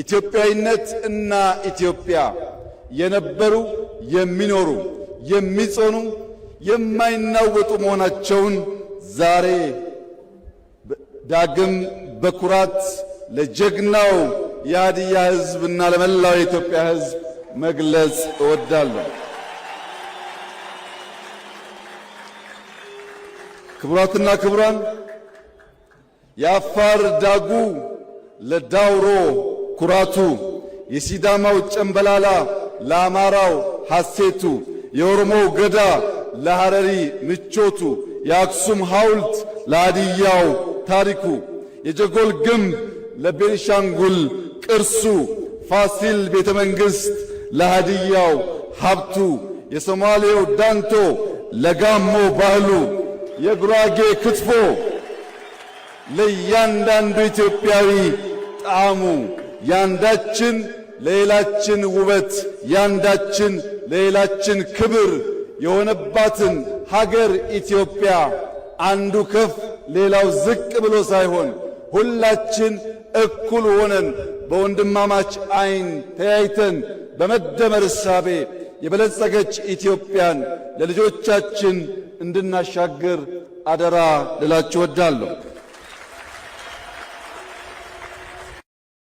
ኢትዮጵያዊነት እና ኢትዮጵያ የነበሩ የሚኖሩ የሚጾኑ የማይናወጡ መሆናቸውን ዛሬ ዳግም በኩራት ለጀግናው የሀዲያ ሕዝብ እና ለመላው የኢትዮጵያ ሕዝብ መግለጽ እወዳለሁ። ክቡራትና ክቡራን፣ የአፋር ዳጉ ለዳውሮ ኩራቱ፣ የሲዳማው ጨምበላላ ለአማራው ሐሴቱ፣ የኦሮሞው ገዳ ለሐረሪ ምቾቱ፣ የአክሱም ሐውልት ለአድያው ታሪኩ፣ የጀጎል ግንብ ለቤንሻንጉል ቅርሱ፣ ፋሲል ቤተ መንግሥት ለሐድያው ሀብቱ፣ የሶማሌው ዳንቶ ለጋሞ ባህሉ፣ የጉራጌ ክትፎ ለእያንዳንዱ ኢትዮጵያዊ ጣዕሙ ያንዳችን ለሌላችን ውበት ያንዳችን ለሌላችን ክብር የሆነባትን ሀገር ኢትዮጵያ አንዱ ከፍ ሌላው ዝቅ ብሎ ሳይሆን ሁላችን እኩል ሆነን በወንድማማች አይን ተያይተን በመደመር እሳቤ የበለጸገች ኢትዮጵያን ለልጆቻችን እንድናሻግር አደራ ልላችሁ ወዳለሁ።